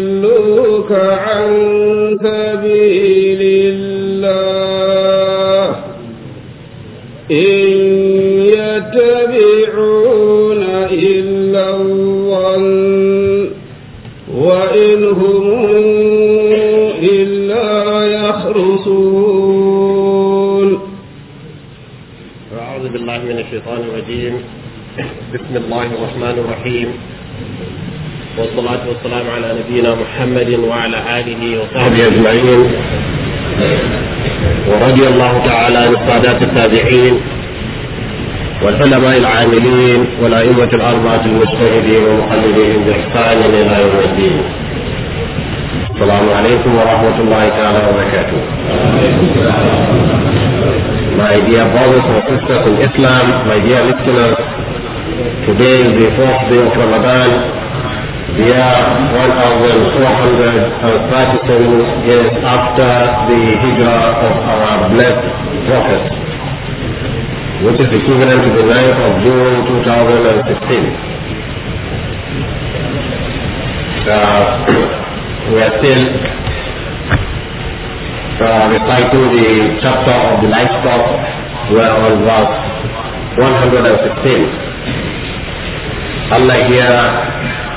يضلوك عن سبيل الله إن يتبعون إلا الظن وإن هم إلا يخرصون أعوذ بالله من الشيطان الرجيم بسم الله الرحمن الرحيم والصلاة والسلام على نبينا محمد وعلى آله وصحبه أجمعين ورضي الله تعالى عن السادات التابعين والعلماء العاملين والأئمة الأربعة المجتهدين ومقلدين بإحسان إلى يوم الدين السلام عليكم ورحمة الله تعالى وبركاته My dear brothers and sisters in Islam, my dear listeners, today is the fourth day of Ramadan, year 1437 uh, is after the hijrah of our blessed Prophet, which is equivalent to the 9th of June 2016. Uh, we are still uh, reciting the chapter of the livestock. We are on verse 116. Allah here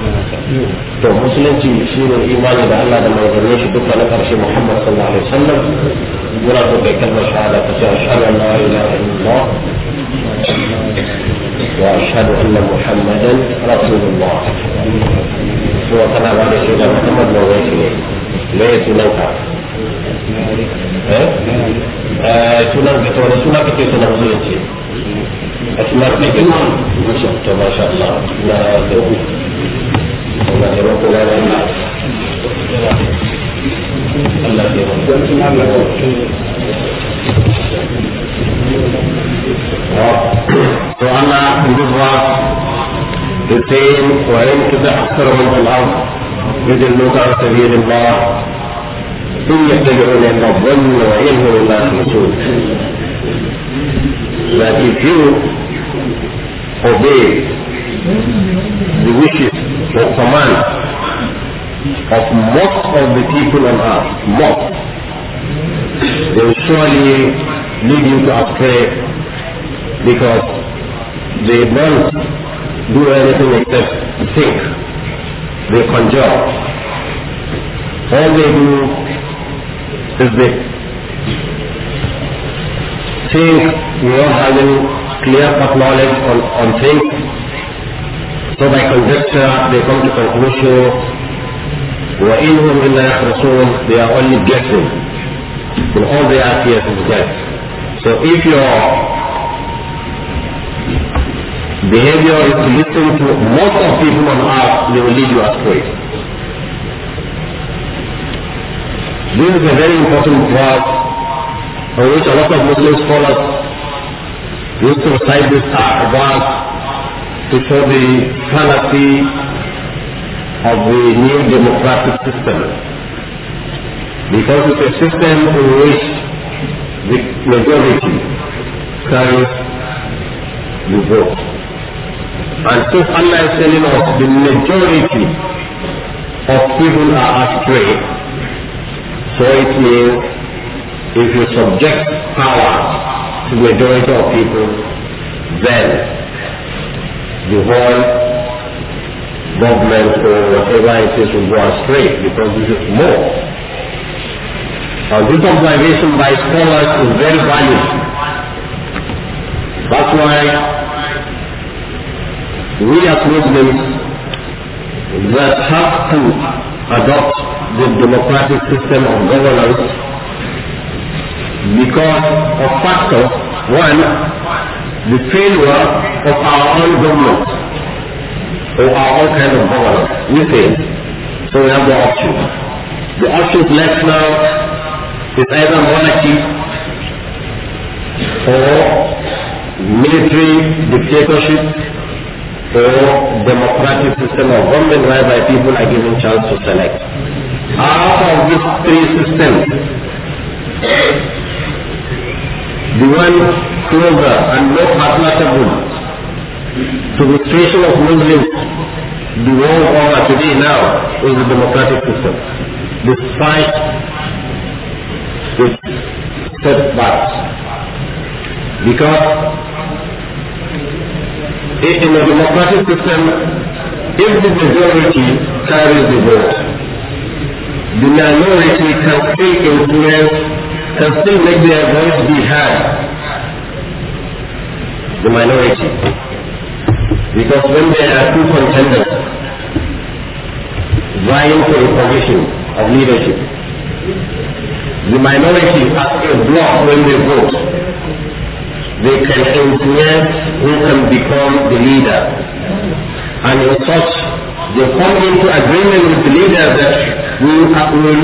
to musulunci shi ne imani da Allah da manzannin shi duka na karshe Muhammad sallallahu alaihi wasallam yana so kai kalmar shahada ta ce ashhadu an la ilaha illallah wa ashhadu anna muhammadan rasulullah to kana ba da shi da Muhammad da shi ne me ya ka eh sunan ka to suna kake sunan musulunci a sunan kake to masha Allah na da وأنا بضع اثنين وينكدح أكثرهم في الأرض يدلوك على سبيل الله إن يتبعون إلا الظن وإن هم إلا يخلصون But if you the wishes or commands of most of the people on earth, most, they will surely lead you to astray because they don't do anything except think. They conjure. All they do is they think without having clear cut knowledge on, on things so by conjecture, they come to conclusion, وَإِنْهُمْ إِلَّا يَخْرَصُونَ They are only guessing. and all they are fears is death. So if your behavior is to listen to most of people on earth, they will lead you astray. This is a very important verse on which a lot of Muslim scholars used to recite this verse to show the fallacy of the new democratic system. Because it's a system in which the majority carries the vote. And since Allah is telling us the majority of people are astray, so it means if you subject power to the majority of people, then the whole government or whatever it is will go astray because this is more. Now this observation by scholars is very valuable. That's why we as Muslims that have to adopt the democratic system of governance because of factors. One, the failure of our own government or our own kind of government. We fail. So we have the option. The option left now is either monarchy or military dictatorship or democratic system of government whereby people are given chance to select. Out of these three systems, the one closer and more partnership to the situation of Muslims the world over today now is a democratic system. Despite its setbacks. Because in a democratic system, if the majority carries the vote, the minority can still influence, can still make their voice be heard the minority. Because when there are two contenders vying for a position of leadership, the minority has a block when they vote. They can influence who can become the leader. And in such, they come into agreement with the leader that we will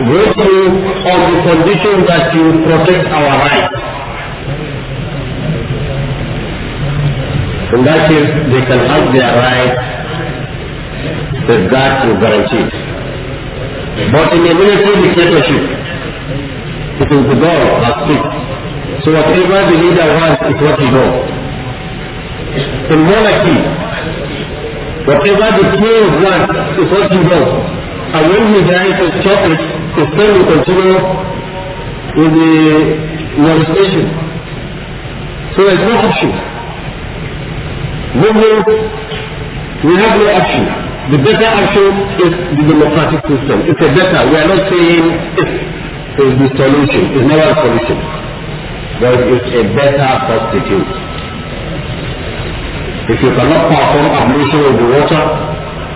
vote you on the condition that you protect our rights. In that case, they can have their rights with that is guaranteed. But in a military dictatorship, it is the God that speaks. So whatever the leader wants is what he goes. In monarchy, whatever the king wants is what he goes. And when he dies his stop the same will continue with the administration. So it's no option we have no option. The better option is the democratic system. It's a better. We are not saying it is the solution. It's never a solution. But it's a better substitute. If you cannot perform ablution with the water,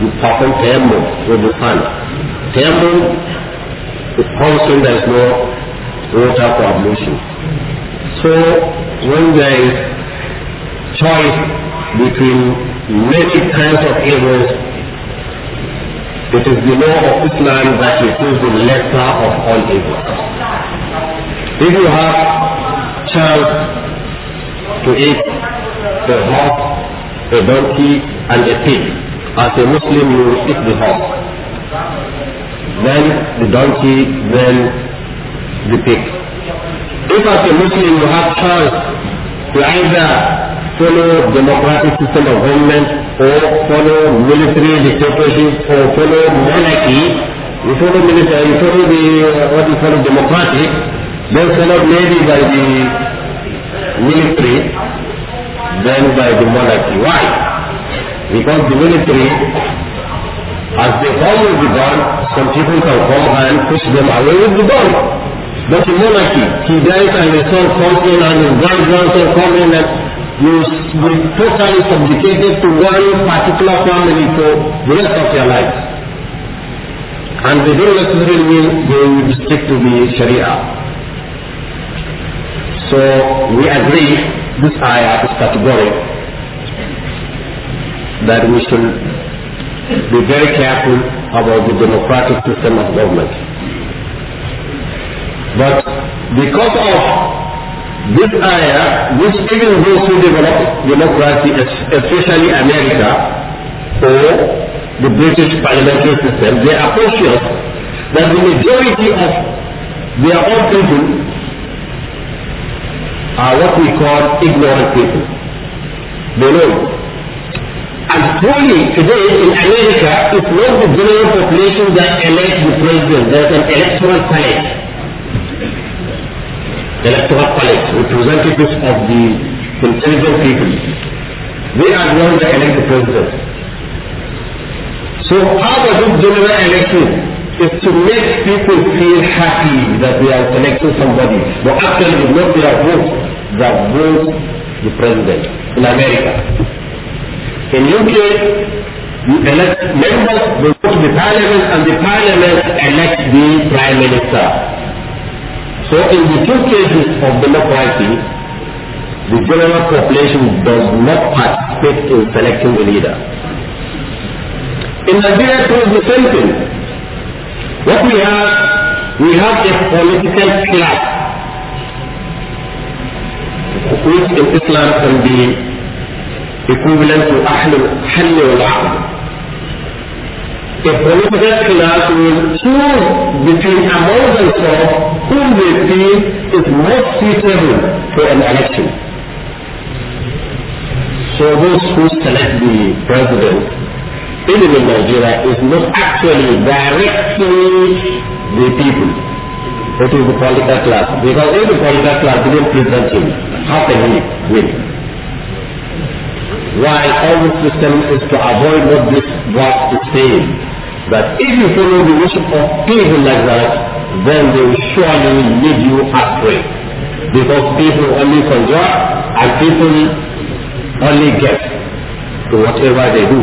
you perform tayammum with the sand. Tayammum is constant. There is no water for ablution. So when there is choice between many kinds of evils, it is the law of Islam that choose the lesser of all evils. If you have chance to eat a horse, a donkey, and a pig, as a Muslim you eat the horse, then the donkey, then the pig. If as a Muslim you have chance to either follow democratic system of government or follow military dictatorship or follow monarchy, you follow military, you follow the uh, what you call democratic, then followed maybe by the military, then by the monarchy. Why? Because the military, as they follow the gun, some people can come and push them away with the gun. But the monarchy, he dies and his son comes in and his grandson comes in and you will totally subjugated to one particular family for the rest of your life. And they don't necessarily mean they will stick to the Sharia. So we agree this ayah is categorical that we should be very careful about the democratic system of government. But because of this ayah, which even those who develop democracy, especially America or the British parliamentary system, they are conscious that the majority of their own people are what we call ignorant people. They know. And truly today in America, it's not the general population that elects the president. There's an electoral college electoral college, representatives of the intelligent people. They are the ones that elect the president. So how does this general election is to make people feel happy that they are electing somebody. But actually it's not their vote that votes the president in America. In UK, you elect members, they vote the parliament and the parliament elect the prime minister. So in the two cases of democracy the general population does not participate in selecting a leader. In Nigeria, it is the same thing. What we have, we have a political class, which in Islam can be equivalent to Ahlul Halli wal The political class will choose between among themselves whom they feel is most suitable for an election. So those who select the president, in Nigeria, is not actually directly the people. It is the political class. Because if the political class didn't present him, how can he win? why all the system is to avoid what this was is saying that if you follow the worship of people like that, then they will surely lead you astray. Because people only conjure and people only get to whatever they do.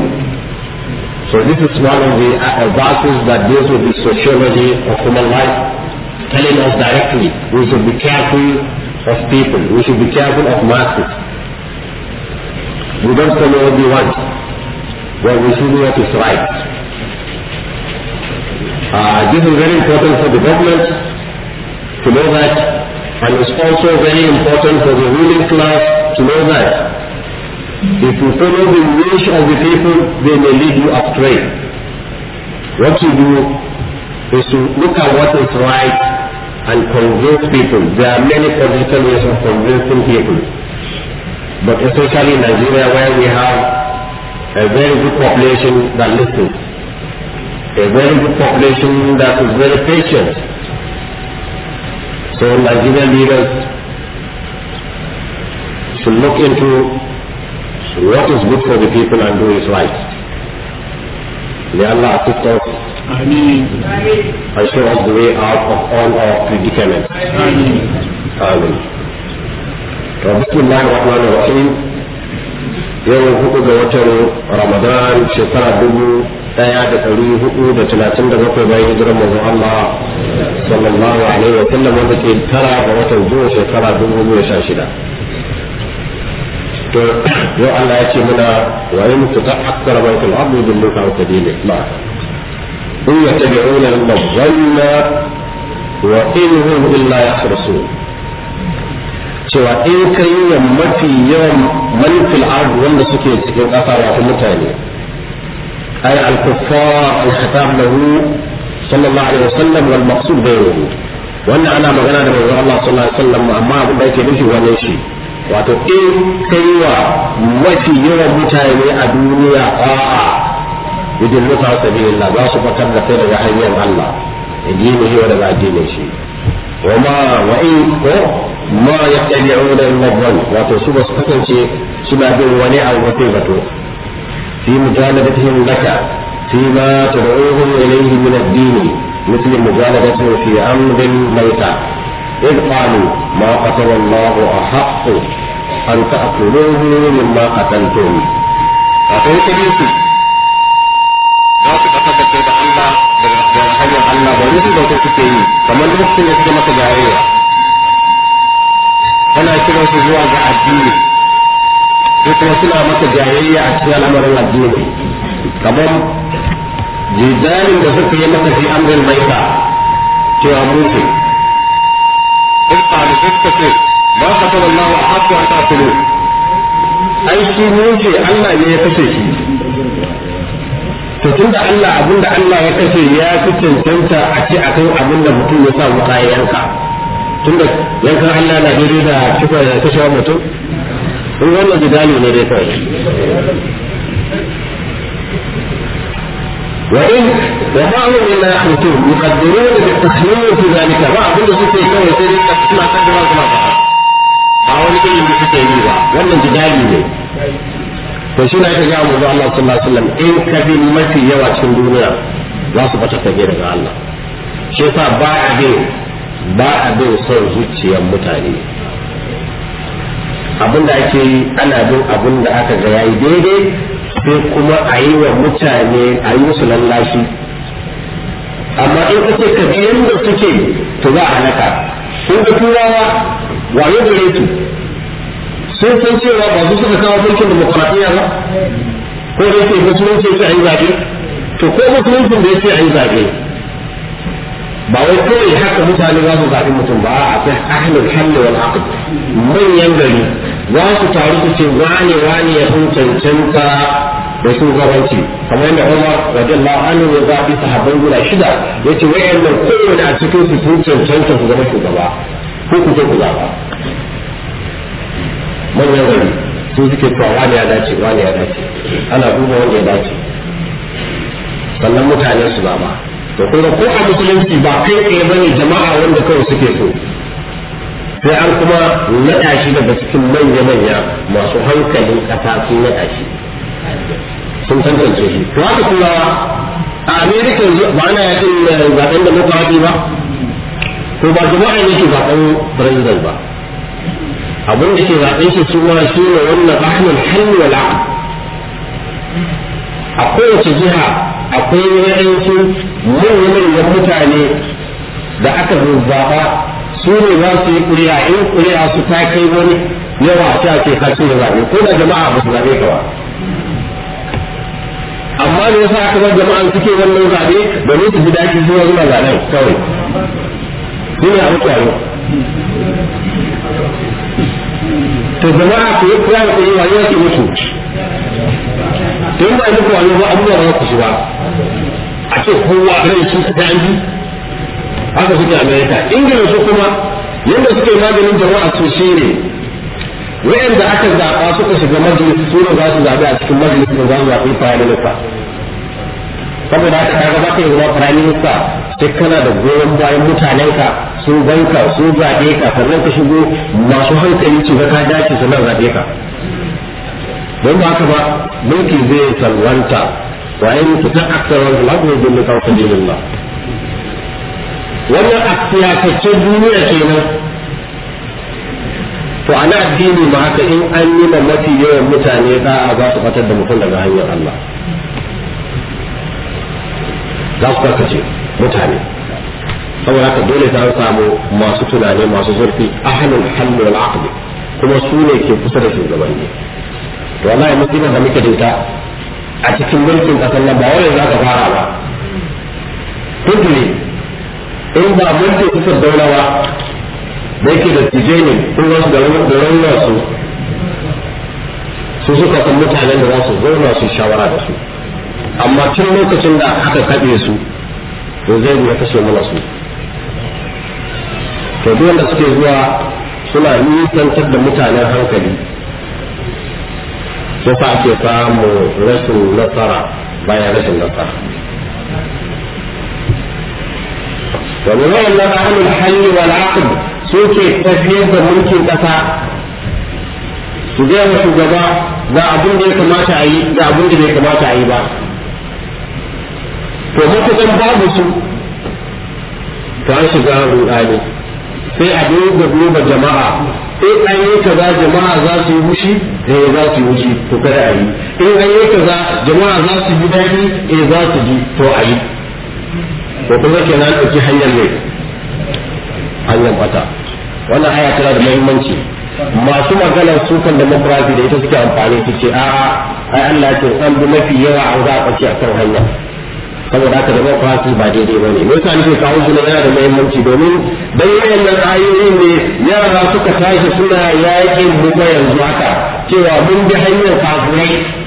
So this is one of the verses that deals with the sociology of human life, telling us directly we should be careful of people, we should be careful of masses. We don't follow what we want, but we should do what is right. Uh, this is very important for the government to know that, and it's also very important for the ruling class to know that. If you follow the wish of the people, they may lead you astray. What you do is to look at what is right and convince people. There are many political ways of convincing people. But especially in Nigeria where we have a very good population that listens. a very good population that is very patient. So Nigerian leaders should look into what is good for the people and do it right. May Allah assist us and show us the way out of all our predicaments. Ameen. Ameen. Bismillah ar-Rahman ar-Rahim. Yau hudu ga watan Ramadan shekara dubu daya da ɗari hudu da talatin da bakwai bayan hijirar manzon Allah sallallahu alaihi wa sallam wanda ke tara ga watan zuwa shekara dubu biyu sha shida to yau Allah ya ce muna wa in tuta akthar man fil ardi yudilluka an sabili ma in yattabi'una illa dhanna wa in hum illa yakhrusun cewa in kai mafi yawan man fil ardi wanda suke cikin kasa wato mutane أي الكفار الخطاب له صلى الله عليه وسلم والمقصود غيره wannan ana magana da manzon Allah sallallahu alaihi wasallam amma da yake nufi shi wato in kai wa mafi yawan mutane a duniya a'a yudin nufa sabilillah za su fatar da kai daga hanyar Allah addini shi daga addinin shi wa ma wa in ko ma yattabi'una illa dhann wato su ba su kasance suna bin wani abu ba sai zato في مجالبتهم لك فيما تدعوهم إليه من الدين مثل مجالبته في أمر ميتة إذ قالوا ما قتل الله أحق أن تأكلوه مما قتلتم أقول كبيرتي za su kasance da Allah da hanyar Allah ba rufi bauta suke yi kamar lokacin da suke masa jayayya tana kiran zuwa ga addini ko kuma suna maka jayayya a cikin al'amarin addini kamar jidalin da suka yi maka fi amrin maita cewa musu in ba da suka ce ba ka taɓa Allah a haƙƙo a tafiye ai shi musu Allah ne ya kashe shi to tun da Allah abinda Allah ya kashe ya fi cancanta a ce akan abinda mutum ya sa wuƙa yanka tun da yankan Allah na daidai da kifa ya kashe mutum in wannan jidali ne dai kawai وإن وبعض مما يحدثون يقدرون بالتسليم في ذلك بعض اللي سوى كوي سيدي تسمع قدر ما فعل أول كل اللي سوى يجيبها ولا جدالي ne. to shi na ga mu Allah sallallahu alaihi wasallam in ka bi mafi yawa cikin duniya za su bata kage daga Allah shi yasa ba abin ba abin son zuciyar mutane abin da ake yi ana bin abin da aka ga yayi daidai sai kuma a yi wa mutane a yi musu lallashi amma in ka ce ka bi yadda suke to za a halaka sun ga turawa wayo gare su sun san cewa ba su suka kawo mulkin demokuraɗiyya ba ko da yake musulunci yake a yi zaɓe to ko musuluncin da yake a yi zaɓe ba wai kawai haka mutane za su zaɓi mutum ba a akwai ahlul halli wal aqd manyan gari za su taru su ce wane wane ya fi cancanta da shugabanci kamar yadda Umar radiyallahu anhu ya zaɓi sahabban guda shida ya ce wayannan kowane a cikin su sun cancanta su zama shugaba ko ku je ku zaɓa manyan gari su suke cewa wane ya dace wane ya dace ana duba wanda ya dace sannan mutane su ba ma. kuma ko a musulunci ba kai tsaye bane jama'a wanda kawai suke so sai an kuma naɗa shi daga cikin manya-manya masu hankalin ƙasa sun naɗa shi sun tantance shi to haka kuma a amerika ba ana yakin zaɓen da muka haɗi ba ko ba jama'a ne ke zaɓen president ba abin da ke zaɓen shi suna shi ne wannan ahmad halwala a kowace jiha akwai wayansu manya-manyan mutane da aka zaɓa su ne za su yi kuri'a in kuri'a su ta kai wani yawa a ta ke kasu da zaɓe ko da jama'a ba su zaɓe ka ba amma ne yasa aka bar jama'an suke wannan zaɓe domin su ji daɗi zuwa zuwa zaɓen kawai su ne abu kyaro to jama'a ku yi kura da kuɗi rayuwa ke mutu to in ba yi muku ba abubuwa ba ku shi ba a ce kowa rai su ta yi haka suke amerika ingila su kuma yadda suke maganin jama'a su shi ne da aka zaɓa suka shiga majalis su ne za su zaɓi a cikin majalis da za su zaɓi prime minister saboda haka kaga za ka yi zama prime minister sai kana da goyon bayan ka, su banka su zaɓe ka sannan ka shigo masu hankali ce ka dace sannan zaɓe ka don ba haka ba mulki zai salwanta wa in tuta ne lafiya bin kawo sabilillah wannan a siyasacce duniya kenan to ana addini ma haka in an yi mafi yawan mutane a za su fatar da mutum daga hanyar Allah za su karkace mutane saboda haka dole ta samu masu tunani masu zurfi ahalin hannun wal aqli kuma su ne ke kusa da shugabanni to wallahi musulman da muke da ita a cikin mulkin kasar nan ba wai za ka fara ba tuntuni in ba mun ce kusa daurawa da yake da tije ne ko wasu da rauna su su suka san mutanen da za su zauna su shawara da su amma tun lokacin da aka kaɗe su to zai ya kashe mana su to duk wanda suke zuwa suna nisantar da mutanen hankali sai fa ake samu rashin nasara bayan rashin nasara wani domin wayannan ahlul halli wal su ke tafiyar da mulkin kasa su ga wa shugaba ga abin da ya kamata a yi ga abin da bai kamata a yi ba to matukan babu su to an shiga rudani sai a duba duba jama'a in an yi kaza jama'a za su yi hushi eh za su yi hushi to kada a yi in an yi kaza jama'a za su yi daɗi eh za su ji to a yi to kun ga kenan ɗauki hanyar ne hanyar bata wannan aya tana da muhimmanci masu maganar sukan demokrasi da ita suke amfani su ce a ai Allah ce an bi mafi yawa an za a ɓace a kan hanya saboda haka demokrasi ba daidai ba ne yasa nake kawo shi yana da muhimmanci domin bayan nan ayoyi ne yara suka tashi suna yaƙin mu yanzu haka cewa mun bi hanyar kafirai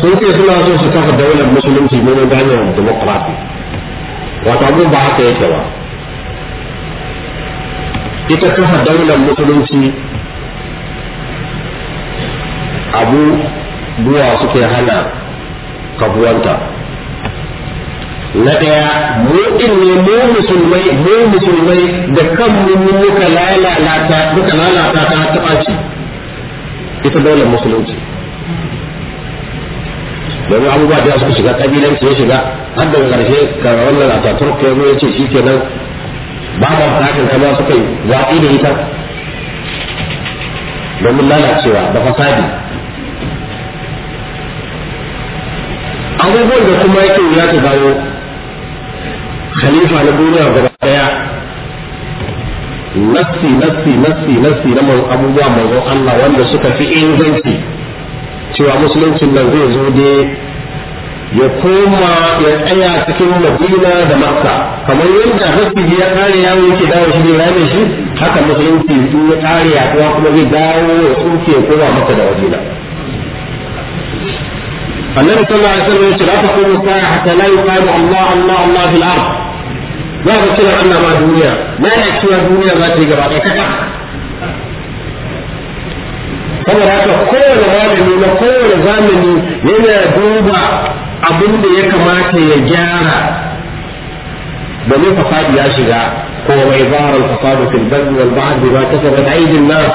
sun ce suna so su kafa daular musulunci ne na hanyar demokrati wata abin ba haka yake ba ita kafa daular musulunci abu buwa suke hana kafuwanta na ɗaya mu ɗin ne mu musulmai mu musulmai da kanmu muka lalata ta lalata ta ta ita daular musulunci domin abubuwa da suka shiga kabilanci ya shiga har daga karshe kan wannan a tatar ko ya ce nan ba da fatan kama suka yi zaɓi da ita domin lalacewa da fasadi abubuwan da kuma yake ya ta dawo khalifa na duniya gaba daya nassi nassi nassi nassi na abubuwa manzon Allah wanda suka fi inganci cewa musuluncin nan zai zo dai ya koma ya tsaya cikin madina da makka kamar yadda hasibi ya kare yawo yake dawo shi ne rame shi haka musulunci in ya kare yaduwa kuma zai dawo ya tsuke ya koma maka da madina النبي صلى الله عليه وسلم يقول لا تقوم الساعة Allah, Allah, يقال الله الله الله في annaba duniya. تقول أن ما دنيا لا يكفي دنيا ما تيجي بعد kowane malami na kowane zamani yana duba abin da ya kamata ya gyara domin fasadi ya shiga ko komai zaharar fasadu fil barri wal ba'd bima kasabat aydin nas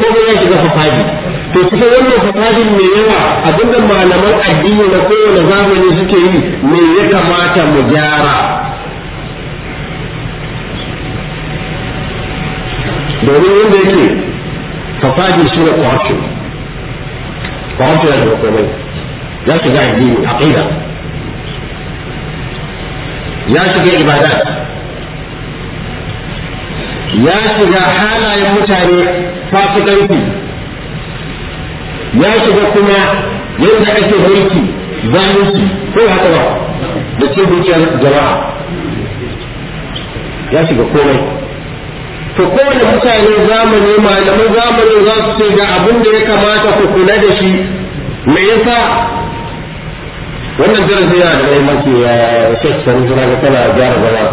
komai ya shiga fasadi to cikin wannan fasadin mai yawa abin da malaman addini na kowane zamani suke yi me ya kamata mu gyara domin wanda yake fasadi shi ne corruption ba hausa yana da komai ya shiga addini aqida ya shiga ibada ya shiga halayen mutane fasikanci ya shiga kuma yadda ake mulki zalunci ko haka ba da cin dukiyar jama'a ya shiga komai to kowane mutane zamani malaman zamani za su ce ga abin da ya kamata ku kula da shi me yasa wannan darasi ya da maki ya shek san jira ga tana gyara zama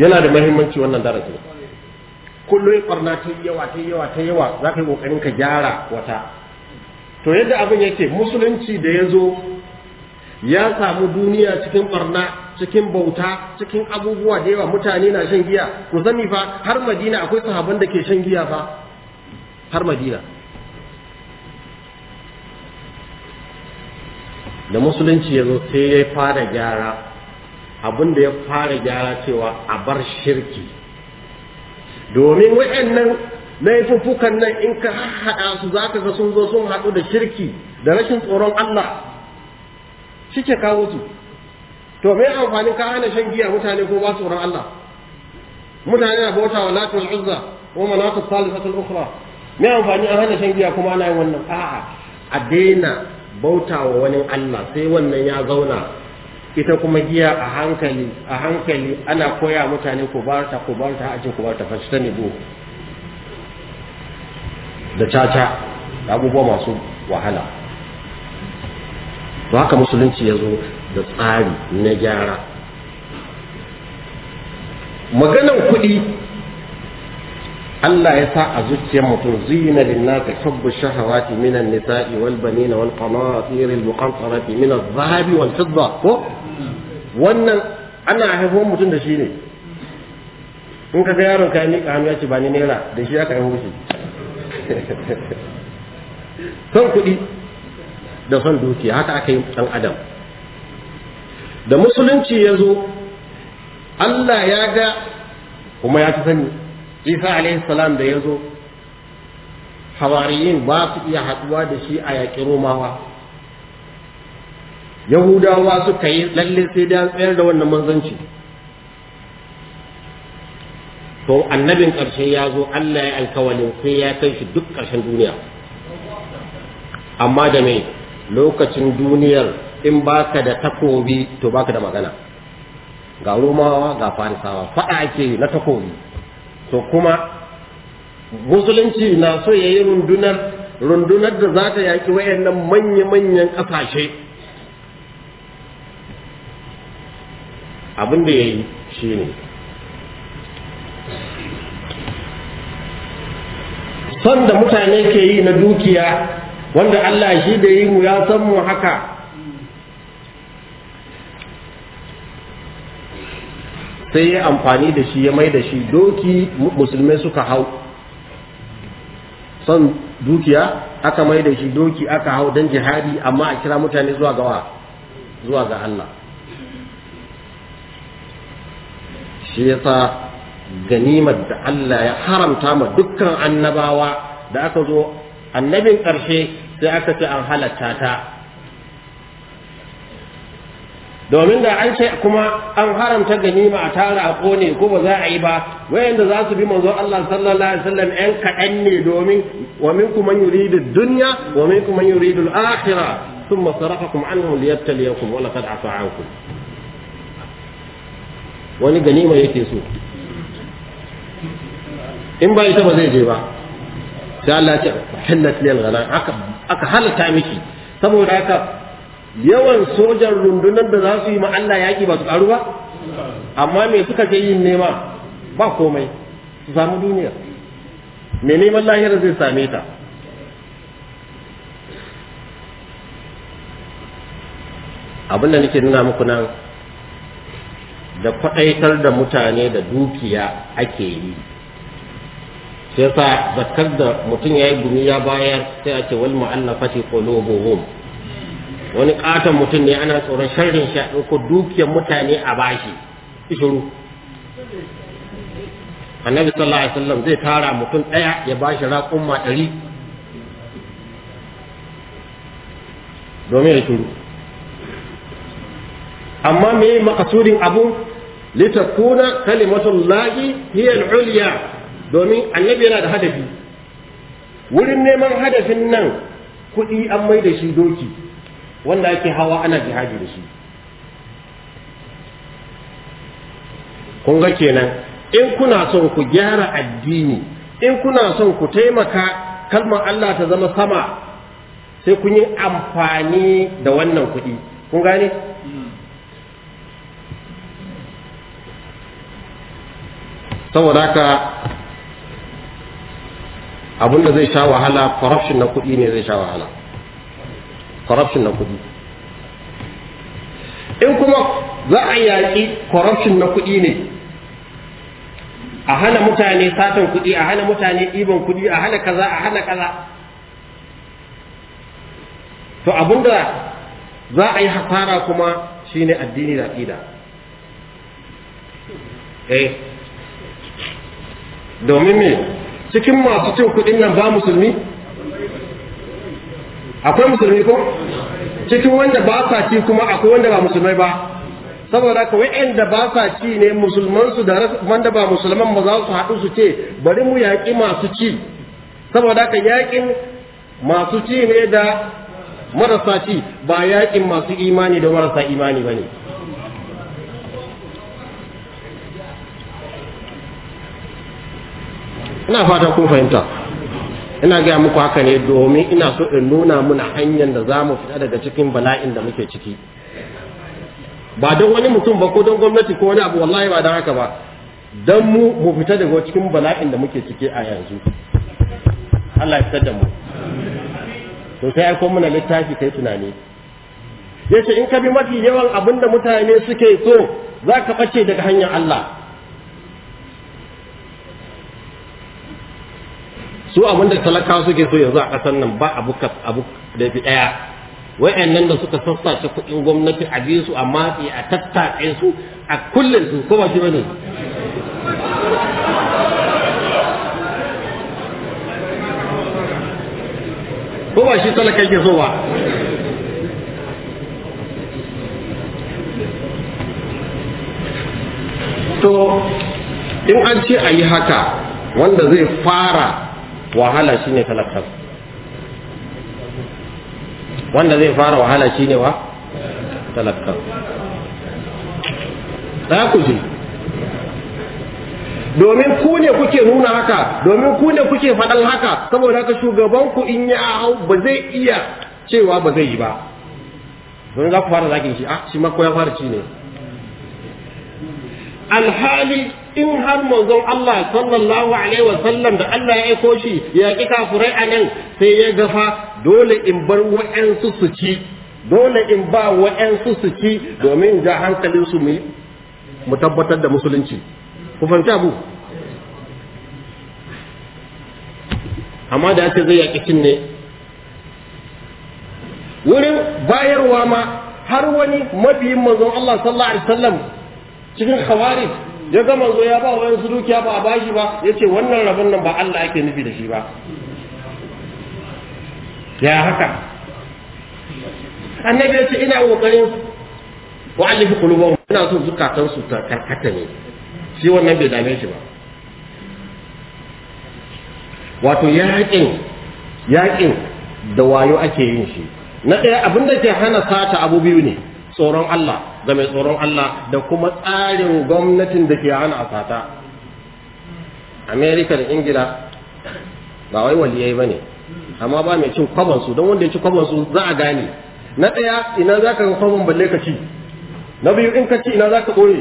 yana da mahimmanci wannan darasi kullum barna ta yawa ta yawa ta yawa za ka yi kokarin ka gyara wata to yadda abin yake musulunci da ya zo ya samu duniya cikin barna cikin bauta cikin abubuwa da yawa mutane na shan giya ku sani fa har madina akwai sahaban da ke shan giya fa har madina da musulunci ya zo sai ya fara gyara abin da ya fara gyara cewa a bar shirki domin waɗannan Na fufukan nan in ka haɗa su za ka ga sun zo sun haɗu da shirki da rashin tsoron Allah shi ke kawo su to me amfanin ka hana shan giya mutane ko ba tsoron Allah mutane na bauta wa latul izza wa manatu salisatul ukhra me amfani an hana shan giya kuma ana yin wannan a'a a daina bauta wa wani Allah sai wannan ya zauna ita kuma giya a hankali a hankali ana koya mutane ku barta ku barta a ku kubarta fashe ta ne da caca da abubuwa masu wahala to haka musulunci ya zo da tsari na gyara maganan kuɗi Allah ya sa a zuciyar mutum zina linnaka hubbu shahawati minan nisa'i wal banina wal qanatir al muqantarati min al zahabi wal fidda ko wannan ana haifo mutum da shi ne in ka ga yaron ka ni ka hannu ya ce ba ni naira da shi aka haifo shi son kuɗi da son dukiya haka aka yi ɗan adam da musulunci ya zo Allah ya ga kuma ya fi sani isa alaihi salam da ya zo hawariyin ba su iya haɗuwa da shi a yaƙi romawa yahudawa suka yi lalle sai da tsayar da wannan manzanci to annabin ƙarshe ya zo Allah ya alkawalin sai ya kai shi duk ƙarshen duniya amma da me lokacin duniyar in baka da takobi to baka da magana ga romawa ga farisawa faɗa ake na takobi to kuma musulunci na so ya yi rundunar rundunar da za ta yaƙi wayannan manya-manyan ƙasashe abin da ya yi shi ne son da mutane ke yi na dukiya wanda Allah shi da yi mu ya san mu haka sai ya amfani da shi ya mai da shi doki musulmai suka hau son dukiya aka mai da shi doki aka hau don jihadi amma a kira mutane zuwa ga zuwa ga Allah shi yasa ganimar da Allah ya haramta ma dukkan annabawa da aka zo annabin ƙarshe sai aka ce an halatta ta domin da an ce kuma an haramta ganima a tara a kone ko ba za a yi ba wayanda za su bi manzo Allah sallallahu alaihi wasallam ɗan kaɗan ne domin wa minkum man yuridu dunya wa minkum man yuridu al-akhirah thumma sarafakum anhum liyabtaliyakum wa laqad afa ankum wani ganima yake so in ba ita ba zai je ba sai Allah ce hillat lil ghanam aka aka miki saboda haka yawan sojan rundunar da za su yi ma Allah yaki ba su karu ba amma me suka je yin nema ba komai su samu duniya me neman lahira zai same ta abin da nake nuna muku nan da kwaɗaitar da mutane da dukiya ake yi shi yasa zakkar da mutum ya yi gumi ya bayar sai a ce fashe kolo qulubuhum wani katon mutum ne ana tsoron sharrin shi a ɗauko dukiyar mutane a bashi shiru annabi sallallahu alaihi wasallam zai tara mutum ɗaya ya bashi raƙumma ɗari domin ya shuru. amma me makasudin abu litakuna kalimatullahi hiya al-ulya domin annabi yana da hadafi wurin neman hadafin nan kuɗi an mai da shi doki wanda ake hawa ana jihadi da shi kun ga kenan in kuna son ku gyara addini in kuna son ku taimaka kalmar Allah ta zama sama sai kun yi amfani da wannan kuɗi kun gane saboda ka. abin da zai sha wahala corruption na kuɗi ne zai sha wahala corruption na kuɗi in kuma za a yaƙi corruption na kuɗi ne a hana mutane satan kuɗi a hana mutane ɗiban kuɗi a hana kaza a hana kaza to abin da za a yi hasara kuma shine addini da aƙida eh domin me cikin masu cin kudin nan ba musulmi akwai musulmi ko cikin wanda ba sa ci kuma akwai wanda ba musulmai ba saboda ka wa'anda ba sa ci ne musulman su da wanda ba musulman ba za su haɗu su ce bari mu yaƙi masu ci saboda ka yaƙin masu ci ne da marasa ci ba yaƙin masu imani da marasa imani ba ne ina fata kun fahimta ina gaya muku haka ne domin ina so in nuna muna hanyar da za mu fita daga cikin bala'in da muke ciki ba don wani mutum ba ko don gwamnati ko wani abu wallahi ba don haka ba don mu mu fita daga cikin bala'in da muke ciki a yanzu Allah ya fitar da mu to sai aiko mana littafi kai tunani yace in ka bi mafi yawan abin da mutane suke so za ka ɓace daga hanyar Allah su abin da talakawa suke so yanzu a ƙasar nan ba abu abu da bi ɗaya wa'annan da suka sassace kuɗin gwamnati a ji su a matse, a tattace su a kullum su ko ba shi bane ko ba shi talaka ke so ba to in an ce a yi haka wanda zai fara wahala shine talaka wanda zai fara wahala shine wa talaka za ku ji domin ku ne kuke nuna haka domin ku ne kuke faɗan haka saboda haka shugabanku in ya hau ba zai iya cewa ba zai yi ba domin za ku fara zakin shi A ah, shi ma ya fara shi ne alhali in har manzon Allah sallallahu alaihi wa sallam da Allah ya aiko shi ya ki kafurai a nan sai ya gafa dole in bar wa'ansu su ci dole in ba wa'ansu su ci domin ja hankalin su mu tabbatar da musulunci ku fahimci abu amma da ce zai yaƙi cin ne wurin bayarwa ma har wani mabiyin manzon Allah sallallahu alaihi wasallam cikin khawarij ya ga manzo ya ba wa su dukiya ba a bashi ba ya ce wannan rabon nan ba Allah ake nufi da shi ba ya haka annabi ya ce ina kokarin wa'alifi qulubahum ina so zukatan su ta karkata ne shi wannan bai dame shi ba wato yaƙin yaƙin da wayo ake yin shi na ɗaya abin da ke hana sata abu biyu ne tsoron Allah ga mai tsoron Allah da kuma tsarin gwamnatin da ke hana asata Amerika da Ingila ba wai waliyai ba ne amma ba mai cin kwabansu don wanda ya ci kwabansu za a gane na ɗaya ina za ka ga kwaban balle ka ci na biyu in ka ci ina za ka ɓoye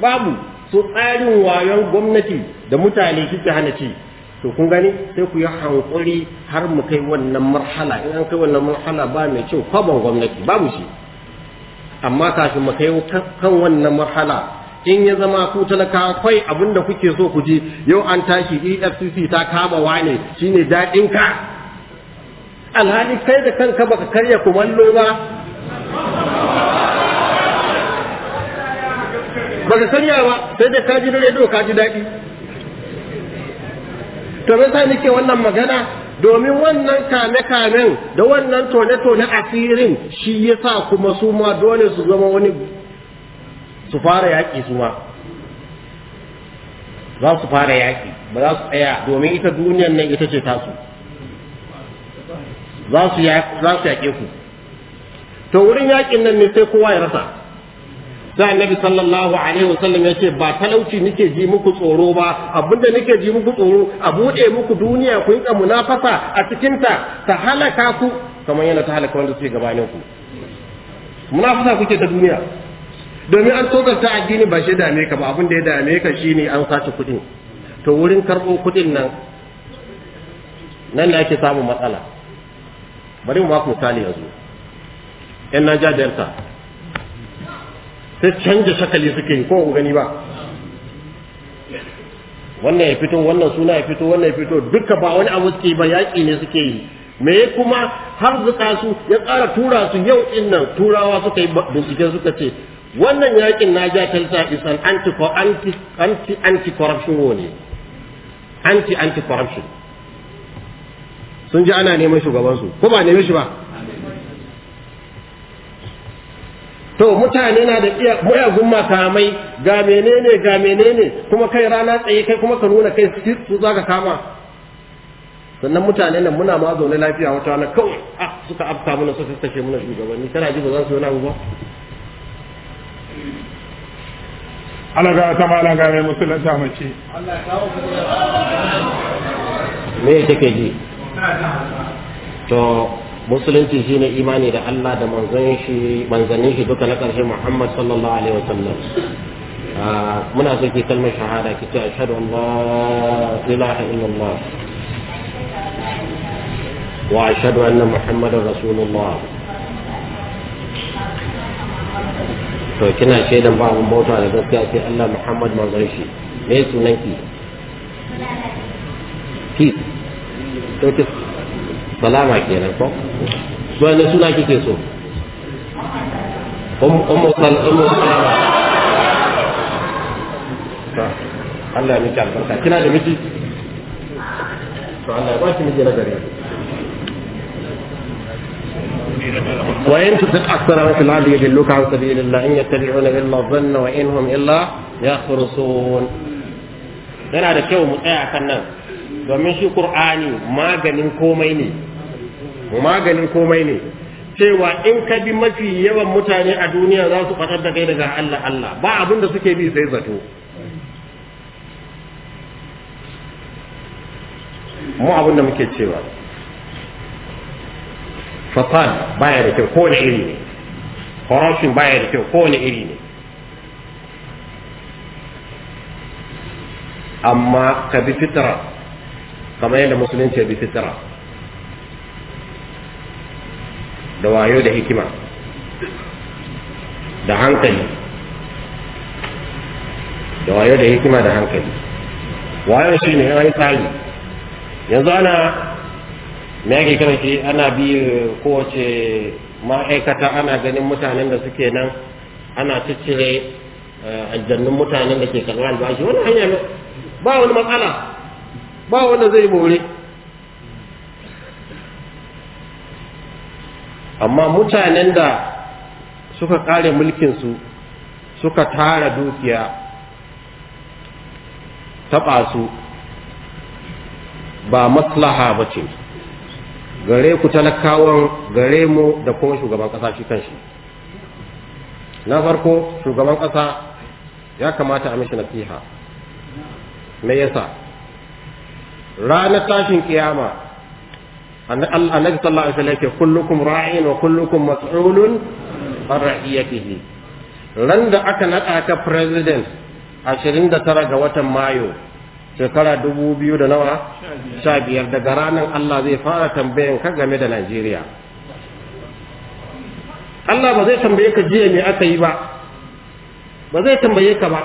babu so tsarin wayon gwamnati da mutane kike hana ci to kun gani sai ku yi hankuri har mu kai wannan marhala in an kai wannan marhala ba mai cin kwaban gwamnati babu shi amma kafin mu kai kan wannan marhala in ya zama ku talaka akwai abin da kuke so ku ji yau an tashi efcc ta kama wane shine dadin ka alhali kai da kanka baka karya kumallo ba baka karya ba sai da kaji na rediyo kaji daɗi to me sa nake wannan magana domin wannan kame-kamen da wannan tone-tone asirin shi ya sa kuma su ma dole su zama wani su fara yaƙi su ma za su fara yaƙi ba za su tsaya domin ita duniyan nan ita ce tasu za su yaƙe ku to wurin yaƙin nan ne sai kowa ya rasa sai annabi sallallahu alaihi wasallam ya ce ba talauci nake ji muku tsoro ba abinda nake ji muku tsoro a buɗe muku duniya ku yi munafasa a cikinta ta halaka ku kamar yana ta halaka wanda suke gabanin ku munafasa kuke ta duniya domin an tsokarta addini ba shi dame ka ba abin da ya dame ka shine an sace kuɗin to wurin karɓo kuɗin nan nan da ake samun matsala bari mu ba ku misali yanzu yan Naija Delta sai canja shakali suke yi ko ku gani ba wannan ya fito wannan suna ya fito wannan ya fito duka ba wani abu suke ba yaƙi ne suke yi me kuma har zuka su ya ƙara tura su yau din nan turawa suka yi bincike suka ce wannan yaƙin na ja talta isan anti anti anti anti corruption ne anti anti corruption sun ji ana neman shugaban su ko ba neman shi ba to mutane na da iya muyagun makamai ga menene ga menene kuma kai rana tsaye kai kuma ka nuna kai su za ka kama sannan mutane nan muna ma zaune lafiya wata na kawai a suka afta mana suka kashe mana shugabanni kana ji ba za su yi ba Allah ga sama Allah ga mai ta mace Allah ya kawo ne take ji to musulunci shine imani da Allah da manzannin shi duka na karshe Muhammad sallallahu alaihi wasallam ah, muna so ki kalmar shahada ki ce illallah wa rasulullah to kina shaidan ba abun bauta da gaskiya sai Allah Muhammad manzon shi me sunan ki peace salama kenan ko wanda suna kike so ummu umm, salama umm, umm, Allah ya miki albarka kina da miki to Allah ya ba ki miki nazari وإن تطع أكثر من في الأرض يدلوك عن سبيل الله إن يتبعون إلا الظن وإن هم إلا يخرصون da kyau mu tsaya kan nan domin shi Kur'ani maganin komai ne mu maganin komai ne cewa in ka bi mafi yawan mutane a duniya za su fatar da kai daga Allah Allah ba abin da suke bi sai zato mu abin da muke cewa fatan baya da kyau kowane iri ne corruption baya da kyau kowane iri ne amma ka bi fitara kamar yadda musulunci ya bi fitara da wayo da hikima da hankali da wayo da hikima da hankali wayo shi ne an tsari yanzu ana me ake kiran shi ana bi eh, kowace ma'aikata ana ganin mutanen da suke nan ana ciccire eh, aljannun mutanen da ke karɓar albashi wani hanya ba wani matsala ba wanda zai bore. amma mutanen da suka kare su suka tara dukiya taɓa su ba maslaha ba ce gare ku talakawan gare mu da kuma shugaban ƙasa shi kanshi na farko shugaban ƙasa ya kamata a mishi nasiha me yasa ranar tashin kiyama annabi sallallahu alaihi wasallam yake kullukum ra'in wa kullukum mas'ulun an ra'iyatihi ran da aka nada ka president 29 ga watan mayo shekara 2000 da nawa 15 daga ranar Allah zai fara tambayan ka game da Najeriya Allah ba zai tambaye ka jiya me aka yi ba ba zai tambaye ka ba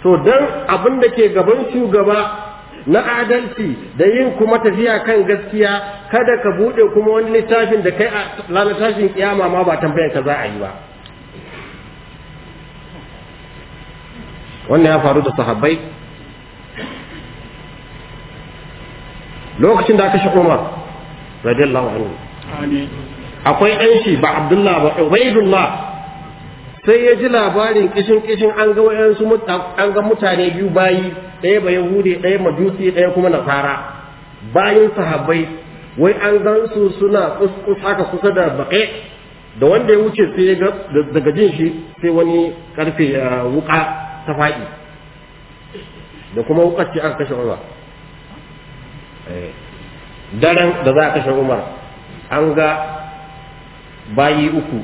to dan abin da ke gaban shugaba na adalci da yin kuma tafiya kan gaskiya kada ka bude kuma wani littafin da kai a ranar tashin kiyama ma ba tambayar ka za a yi ba wannan ya faru da sahabbai lokacin da aka shi Umar radiyallahu anhu akwai ɗan shi ba Abdullah ba Ubaidullah sai ya ji labarin kishin kishin an ga wayansu an ga mutane biyu bayi ɗaya ba yahudi ɗaya majusi ɗaya kuma nasara bayan sahabbai wai an gan su suna kuskus haka kusa da baƙe da wanda ya wuce sai daga jin shi sai wani karfe wuka ta faɗi da kuma wukar ce aka kashe umar eh, daren da za a kashe umar an ga bayi uku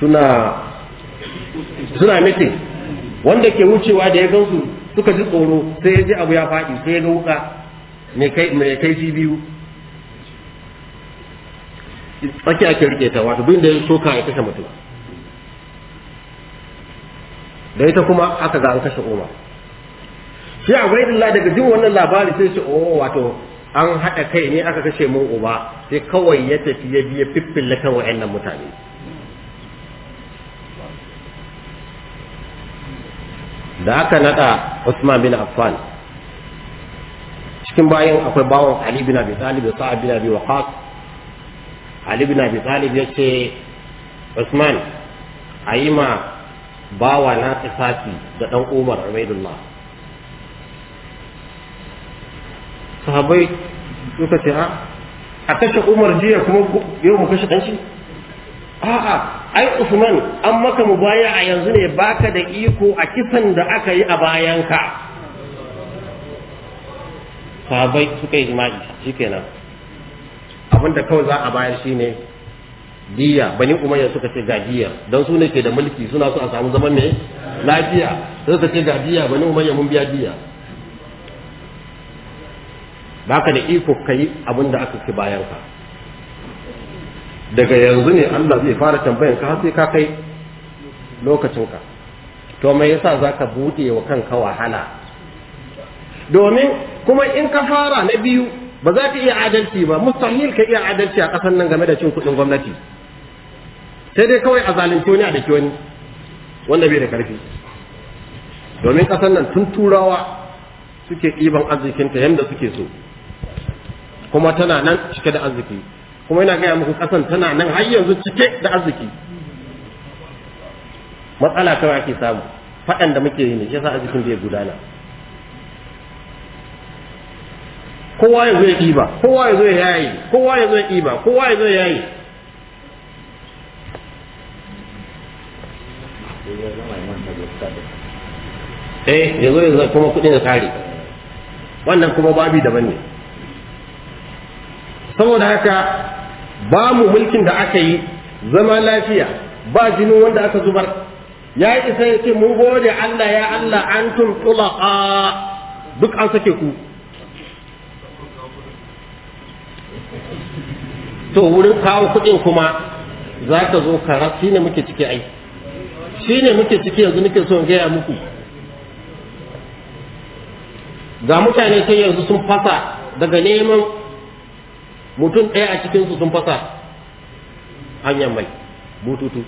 suna suna mitin wanda ke wucewa da ya gansu suka ji tsoro sai ya ji abu ya faɗi sai ya ga wuka mai kai ji biyu tsaki ake rike ta wato bin da ya soka ya kashe mutum da ita kuma aka ga an kashe umar shi a gwaidullah daga jin wannan labari sai shi o oh, wato an haɗa kai ne aka kashe mun uba sai kawai ya tafi ya biya fiffin lakan wa'annan mutane da aka nada Usman bin Affan cikin bayan akwai bawan Ali bin Abi Talib da Sa'ad bin Abi Waqqas Ali bin Abi Talib yace Usman ayi ma bawa na da dan Umar Ubaidullah sahabai suka ce a ah, a kashe Umar jiya kuma yau mu kashe dan a'a ai Usman an maka mubaya a yanzu ne baka da iko a kisan da aka yi a bayanka sahabai suka yi jima'i shikenan abinda kawai za a bayar shine diya bani umayya suka ce ga diya don su ne ke da mulki suna so a samu zaman ne lafiya sai suka ce ga diya bani umayya mun biya diya baka da iko kai abinda aka ci bayanka daga yanzu ne Allah zai fara tambayan ka har sai ka kai lokacin ka to me yasa zaka bude wa kanka wahala domin kuma in ka fara na biyu ba za ka iya adalci ba mustahil ka iya adalci a ƙasar nan game da cin kuɗin gwamnati sai dai kawai a zalunci wani a da wani wanda bai da karfi domin ƙasar nan tun turawa suke ɗiban arzikinta yadda suke so kuma tana nan cike da arziki kuma yana gaya muku kasan tana nan har yanzu cike da arziki matsala kawai ake samu faɗan da muke yi ne shi yasa arzikin bai gudana kowa ya zo ya ɗiba kowa ya zo ya yayi kowa ya zo ya ɗiba kowa ya zo ya yayi eh ya zo ya kuma kuɗin ya kare wannan kuma babi daban ne saboda haka mu mulkin da aka yi zama lafiya ba jinin wanda aka zubar ya isa ya ce mun gode Allah ya Allah an tun tulaka duk an sake ku to wurin kawo kuɗin kuma za ka zo kara shi ne muke ciki ai shi ne muke ciki yanzu nake son gaya muku ga mutane sai yanzu sun fasa daga neman mutum ɗaya a cikinsu sun fasa hanyar mai bututu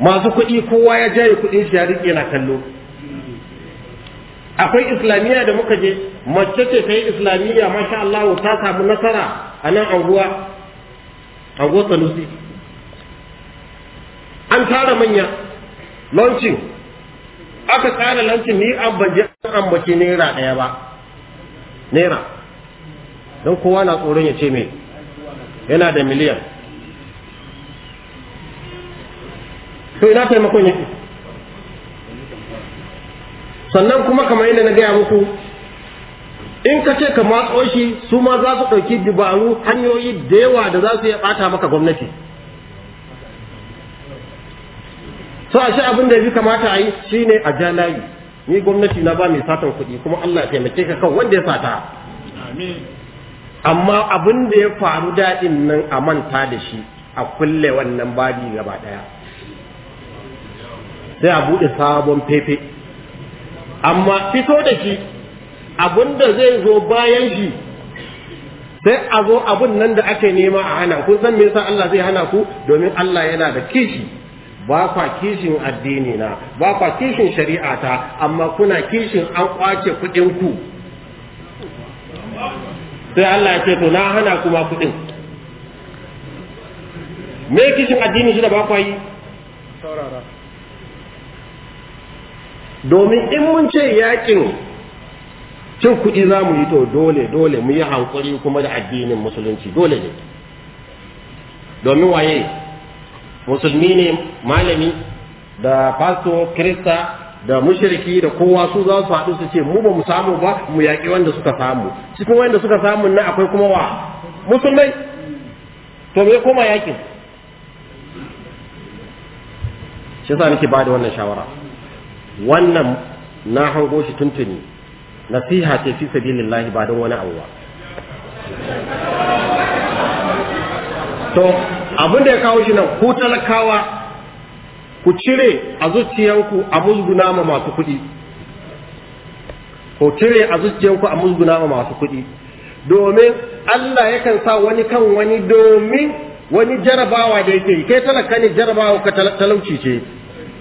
masu kuɗi kowa ya jaye kuɗin shi ya riƙe na kallo akwai islamiyya da muka je mace ce ta yi islamiyya masha Allah ta samu nasara a nan anguwa anguwa sanusi an tara manya launcin aka tsara launcin ni an banje an ambaci naira ɗaya ba naira don kowa na tsoron ya ce mai yana da miliyan to ina taimakon yake sannan kuma kamar yadda na gaya muku in ka ce ka matso shi su ma za su ɗauki dubaru hanyoyi da yawa da za su iya ɓata maka gwamnati so a shi abin da ya fi kamata a yi shi ne a jalayi ni gwamnati na ba mai satan kuɗi kuma Allah taimake ka kan wanda ya sata. amma abin da ya faru daɗin nan a manta da shi a kulle wannan babi gaba ɗaya sai a buɗe sabon fefe amma fito da shi abin da zai zo bayan shi sai a zo abin nan da ake nema a hana kun san me yasa Allah zai hana ku domin Allah yana da kishi ba kwa kishin addini na ba kwa kishin shari'ata, amma kuna kishin an kwace kuɗin ku sai Allah ya ce to na hana kuma kuɗin me kishin addini shi da ba domin in mun ce yakin cin kuɗi za mu yi to dole dole mu yi hankuri kuma da addinin musulunci dole ne domin waye musulmi ne malami da fasto krista. da mushriki da kowa su za su haɗu su ce mu ba mu samu ba mu yaƙi wanda suka samu cikin wanda suka samu nan akwai kuma wa musulmai to me koma yaƙin shi yasa nake da wannan shawara wannan na hango shi tuntuni nasiha ce fi sabilillahi ba don wani abu to abin da ya kawo shi nan ko talakawa ku cire a zuciyanku a musguna ma masu kuɗi ku cire a zuciyanku a musguna ma masu kuɗi domin Allah yakan sa wani kan wani domin wani jarabawa da yake kai talaka ne jarabawa ka talauci ce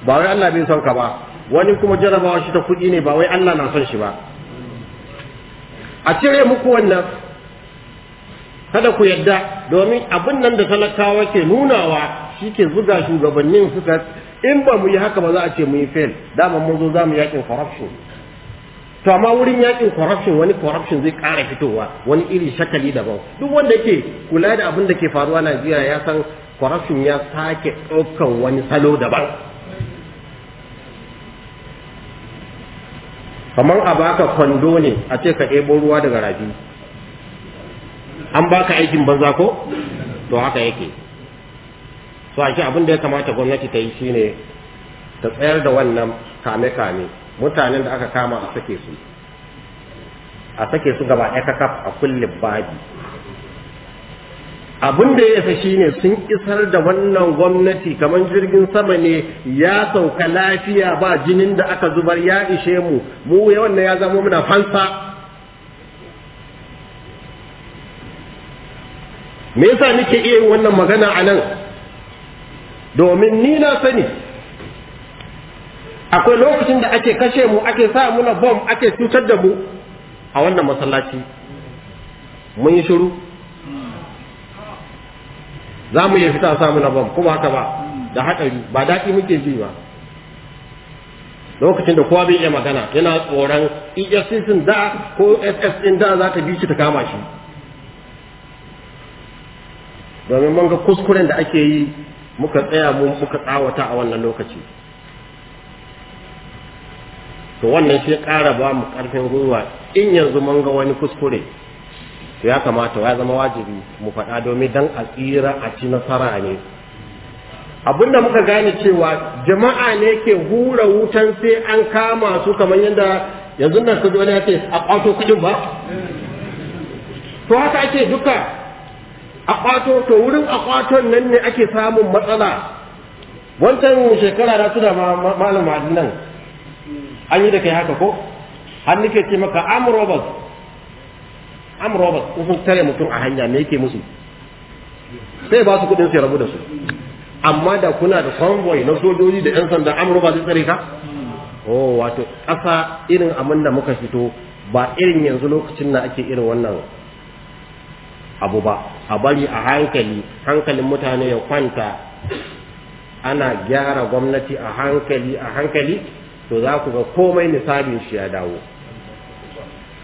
ba wai Allah bai sauka ba wani kuma jarabawa shi ta kuɗi ne ba wai Allah na son shi ba a cire muku wannan kada ku yadda domin abin nan da talakawa ke nunawa shi ke zuga shugabannin suka in ba mu yi haka ba za a ce mu yi fail dama mun zo za mu yakin corruption to amma wurin yakin corruption wani corruption zai ƙara fitowa wani iri shakali daban duk wanda ke kula da abin da ke faruwa Najeriya ya san corruption ya sake ɗaukan wani salo daban kamar a baka kwando ne a ce ka ɗebo ruwa daga rafi an baka aikin banza ko to haka yake so a abin da ya kamata gwamnati ta yi shine ta tsayar da wannan kame-kame mutanen da aka kama a sake su a sake su gaba ɗaya kakaf a kullum babi abin da ya shi ne sun kisar da wannan gwamnati kamar jirgin sama ne ya sauka lafiya ba jinin da aka zubar ya ishe mu mu wannan ya zama muna fansa me yasa nake iya yin wannan magana a nan domin ni na sani akwai lokacin da ake kashe mu ake sa muna bom ake cutar da mu a wannan masallaci mun yi shiru za mu iya fita sa muna bom kuma haka ba da haɗari ba daɗi muke ji ba lokacin da kowa bai iya magana yana tsoron efcc da ko ss din da za ta bi shi ta kama shi domin mun ga kuskuren da ake yi muka tsaya mun muka tsawata a wannan lokaci to wannan sai ƙara ba mu ƙarfin gwiwa in yanzu mun ga wani kuskure to ya kamata ya zama wajibi mu faɗa domin dan a tsira a ci nasara ne abinda muka gane cewa jama'a ne ke hura wutan sai an kama su kamar yadda yanzu nan su zo ne ya ce a kwato kuɗin ba to haka ake duka akwato to wurin akwaton nan ne ake samun matsala wancan shekara na tuna malam nan an yi da kai haka ko har nike ce maka am robots tare mutum a hanya me yake musu sai ba su kudin su rabu da su amma da kuna da convoy na sojoji da yan sanda am zai tsare ka oh wato ƙasa irin abin da muka fito ba irin yanzu lokacin na ake irin wannan abu ba a bari a hankali hankalin mutane ya kwanta ana gyara gwamnati a hankali a hankali to za ku ga komai misalin shi ya dawo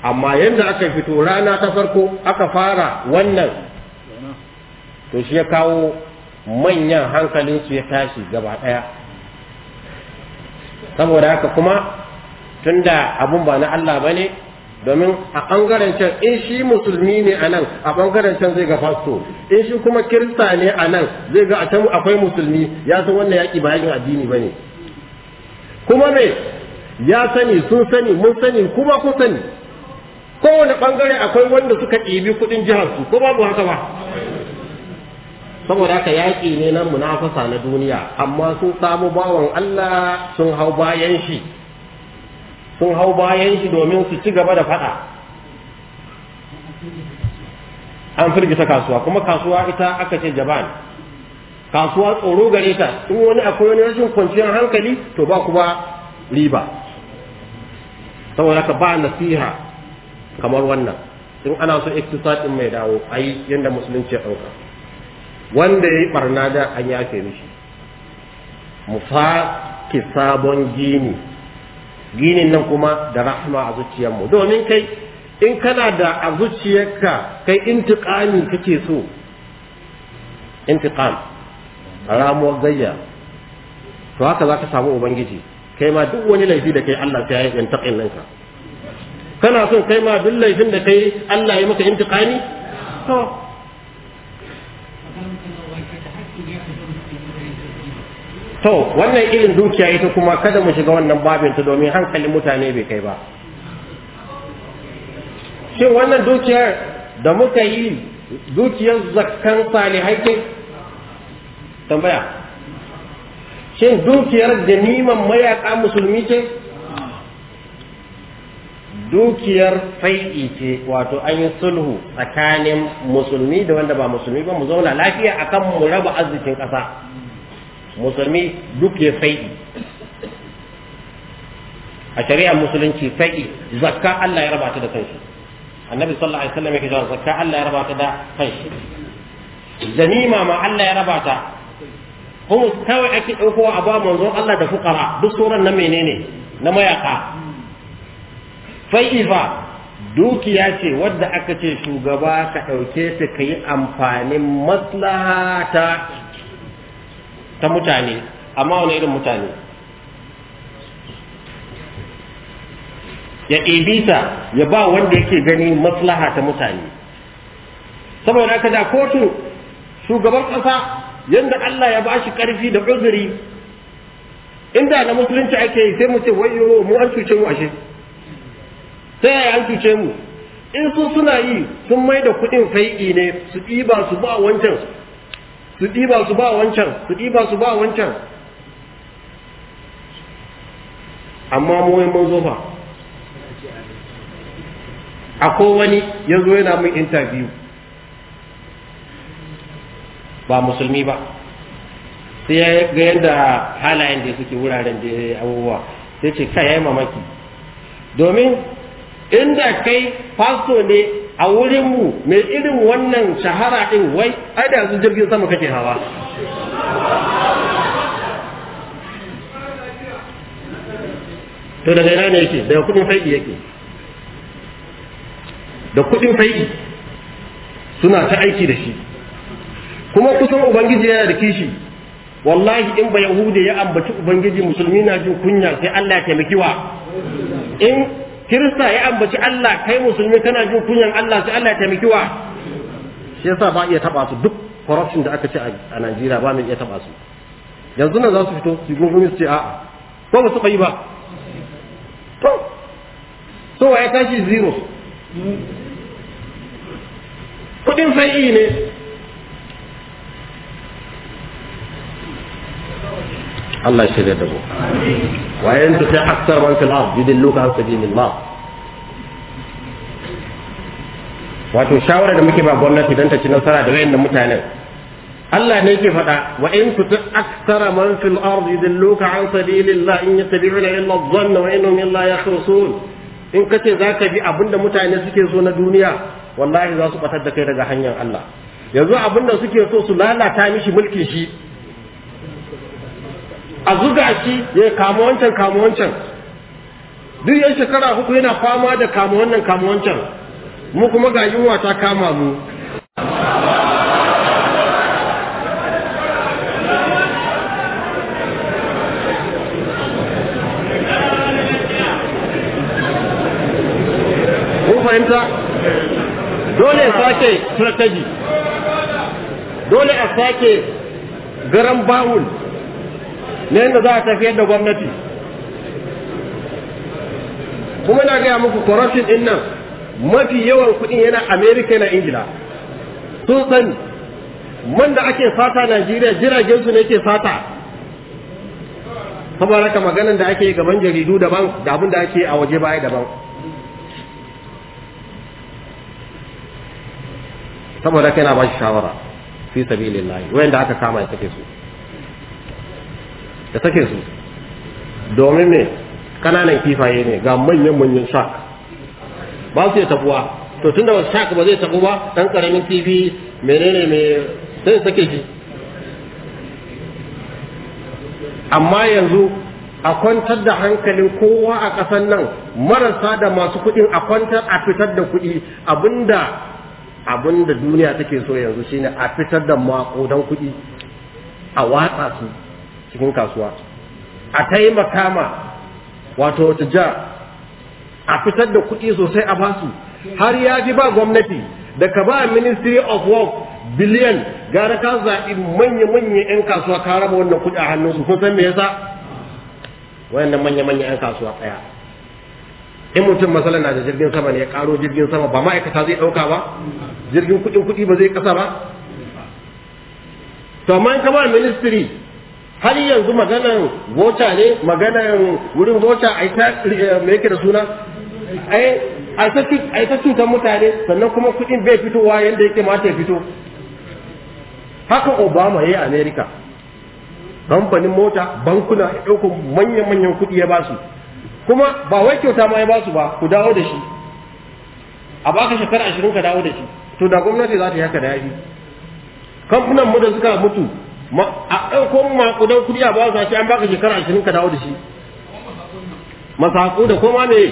amma yadda aka fito rana ta farko aka fara wannan to shi ya kawo manyan hankalin su ya tashi gaba ɗaya saboda haka kuma tunda abun ba na Allah ba ne domin a ɓangaren can in shi musulmi ne a nan a ɓangaren can zai ga fasto in shi kuma kirista ne a nan zai ga a can akwai musulmi ya san wannan yaƙi ba yakin addini ba ne kuma me ya sani sun sani mun sani kuma kun sani kowane ɓangare akwai wanda suka ɗibi kuɗin jihar su ko babu haka ba saboda haka yaƙi ne na munafasa na duniya amma sun samu bawan Allah sun hau bayan shi sun hau bayan shi domin su ci gaba da faɗa an firgita kasuwa kuma kasuwa ita aka ce jaban kasuwa tsoro gare ta in wani akwai wani rashin kwanciyar hankali to ba kuma riba saboda ka ba nasiha kamar wannan in ana so iktisad mai dawo ayi yadda musulunci ya ɗauka wanda yayi ɓarna da an yafe mishi mu fa ki sabon gini ginin nan kuma da rahma a zuciyarmu domin kai in kana da a zuciyarka kai intiqami kake so intiqam ramuwar gayya to haka za ka samu ubangiji kai ma duk wani laifi da kai Allah ta yi intaqin ninka kana son kai ma duk laifin da kai Allah ya maka intiqami to to wannan irin dukiya ita kuma kada mu shiga wannan babin ta domin hankalin mutane bai kai ba shin wannan dukiyar da muka yi dukiyar zakkan salihai ke tambaya shin dukiyar da ganiman mayaka musulmi ce dukiyar fai'i ce wato an yi sulhu tsakanin musulmi da wanda ba musulmi ba mu zauna lafiya akan mu raba arzikin ƙasa musulmi duk ya sai'i a shari'ar musulunci sai'i zakka Allah ya raba ta da kanshi annabi sallallahu alaihi wasallam yake cewa zakka Allah ya raba ta da kanshi zanima ma Allah ya raba ta kuma kawai ake ɗauko a ba manzon Allah da fukara duk sauran na menene na mayaka fa dukiya ce wadda aka ce shugaba ka ɗauke su ka yi amfanin maslaha ta ta mutane amma wani irin mutane ya ibita ya ba wanda yake gani maslaha ta mutane saboda ka da kotu shugaban ƙasa yadda Allah ya ba shi ƙarfi da uzuri inda na musulunci ake yi sai mu ce wai yo mu an cuce mu ashe sai ya an cuce mu in su suna yi sun mai da kuɗin fai'i ne su ɗiba su ba wancan su ɗiba su ba wancan su ɗiba su ba wancan amma mu mun zo fa akwai wani ya zo yana min interview ba musulmi ba sai ya ga yadda halayen da suke wuraren da ya abubuwa sai ce kai yi mamaki domin inda kai fasto ne a wurinmu mai irin wannan shahara ɗin wai ai da yanzu jirgin sama kake hawa to daga ina ne yake daga kudin faidi yake da kudin faidi suna ta aiki da shi kuma kusan ubangiji yana da kishi wallahi in ba yahude ya ambaci ubangiji musulmi na jin kunya sai Allah ya taimaki wa in kirista ya ambaci Allah kai musulmi kana jin kunyan Allah sai Allah ya taimaki wa shi yasa ba iya taba su duk corruption da aka ce a Najeriya ba mai iya taba su yanzu nan za su fito su gungumi su ce a'a ko ba su kai ba to so wa ya tashi zero kudin sai ne Allah ya shirya da mu wa yan tuti akthar man fil ard yudilluka an sabilillah wato shawara da muke ba gwamnati don ta ci nasara da wayannan mutane. Allah ne yake faɗa wa in tuti akthara man fil ard yudilluka an sabilillah in yattabi'una illa dhanna wa innahum illa yakhrusun in kace zaka bi abinda mutane suke so na duniya wallahi za su batar da kai daga hanyar Allah yanzu abinda suke so su lalata mishi mulkin shi a zuga shi ya kama wancan kama wancan duk yan shekara hudu yana fama da kama wannan kama wancan mu kuma ga yunwa ta kama mu fahimta dole a sake strategy dole a sake garan bawul na yadda za a tafiyar da gwamnati kuma na gaya muku corruption din nan mafi yawan kudin yana america na ingila sun sani man da ake fata najeriya jiragen su ne ke fata saboda haka maganan da ake gaban jaridu daban da abin da ake a waje baya daban saboda haka yana ba shi shawara fi sabilillahi wanda aka kama ya take su da take su domin ne kananan kifaye ne ga manyan manyan shark ba su yi tabuwa to tun da shark ba zai tabu ba dan karamin kifi menene me sai sake shi amma yanzu a kwantar da hankalin kowa a ƙasar nan marasa da masu kuɗin a kwantar a fitar da kuɗi abinda abinda duniya take so yanzu shine a fitar da maƙudan kuɗi a watsa su cikin kasuwa a taimaka ma wato ja a fitar da kuɗi sosai a basu har ya ji ba gwamnati da ka ba ministry of work biliyan gara ka zaɓi manya-manya 'yan kasuwa ka raba wannan kuɗi a hannunsu kun san me yasa Wannan manya-manya 'yan kasuwa tsaya in mutum masala na da jirgin sama ne ya karo jirgin sama ba ma'aikata zai ɗauka ba jirgin kuɗin kuɗi ba zai ƙasa ba to amma in ka ba ministry har yanzu maganan bota ne maganan wurin bota a ita eh, me yake da suna a ita cutar mutane sannan kuma kuɗin bai fitowa yadda yake mata ya fito haka obama ya yi Amerika. kamfanin mota bankuna ya ɗauko manyan-manyan kuɗi ya basu kuma ba wai kyauta ma ya basu ba ku dawo da shi a baka shekara ashirin ka dawo da shi to da gwamnati za ta yi haka da yafi kamfanan mu da suka mutu a ɗauko maƙudan kuɗi a ba su ce an baka shekara ashirin ka dawo da shi masaku da koma ne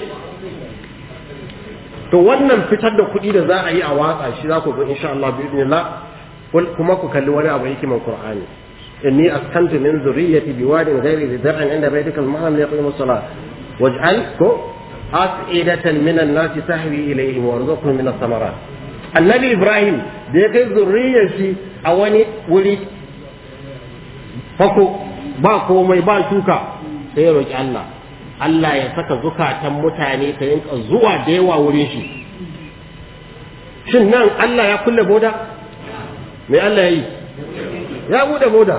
to wannan fitar da kuɗi da za a yi a watsa shi za ku ga insha Allah bi idnillah kuma ku kalli wani abu hikiman Qur'ani inni askantu min zurriyyati biwadin ghairi dhi zar'in inda baytikal mahram li yaqimu as-salah waj'al ko as'idatan min an-nas tahwi ilayhim warzuqhum min ath-thamarat annabi Ibrahim da ya kai zurriyar shi a wani wuri fako ba komai ba shuka sai ya roki Allah Allah ya saka zukatan mutane ta yinka zuwa da yawa wurin shi shin nan Allah ya kulle boda me Allah ya yi ya bude boda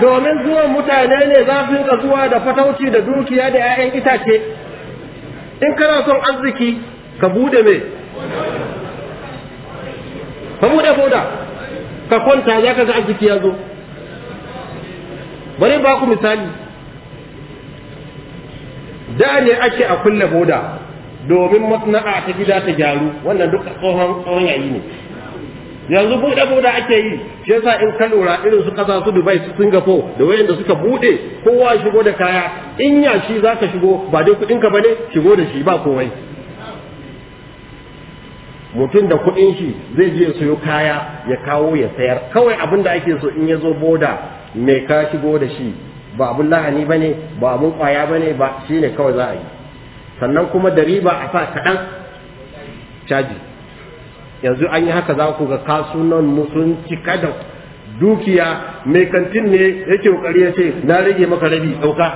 domin zuwan mutane ne za su yinka zuwa da fatauci da dukiya da 'ya'yan itace in kana son arziki ka bude me ka buɗe boda ka kwanta za ka ga arziki ya zo bari ba ku misali da ne ake a kulle boda domin masana'a ta gida ta gyaru wannan duk tsohon tsohon yayi ne yanzu buɗe buɗe ake yi shi yasa in ka lura irin su ƙasa su Dubai su Singapore da wayan da suka buɗe kowa shigo da kaya in ya shi zaka shigo ba dai kuɗin ka bane shigo da shi ba komai mutum da kuɗin shi zai je sayo kaya ya kawo ya sayar kawai abin da ake so in ya zo boda mai ka shigo da shi ba abin lahani ne, ba abin kwaya ba ne ba shi ne kawai za a yi sannan kuma da riba a sa kaɗan caji yanzu an yi haka za ku ga kasunan mu sun cika da dukiya mai kantin ne yake kokari ya ce na rage maka rabi ɗauka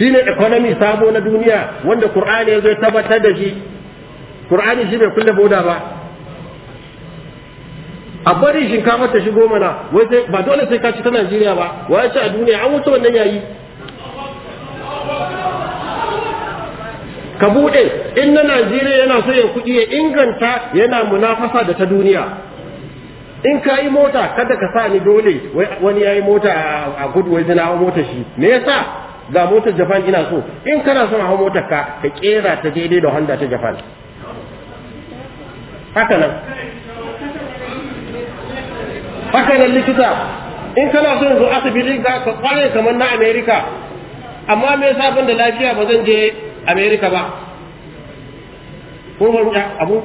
ne economy sabo na duniya wanda qur'ani ya zo tabbatar da shi qur'ani shi bai kulle boda ba a bari shinkafa ta shigo mana wai sai ba dole sai ka ci ta Najeriya ba wai ci a duniya an wuce wannan yayi ka buɗe in na Najeriya yana so ya kuɗi ya inganta yana munafasa da ta duniya in ka yi mota kada ka sa ni dole wani ya yi mota a gudu wai zina mota shi me yasa ga motar Japan ina so in kana son a motar ka ka kera ta daidai da Honda ta Japan haka nan haka nan likita in kana so zo asibitin ka ka kware kamar na america amma me yasa ban da lafiya ba zan je america ba ko ban abu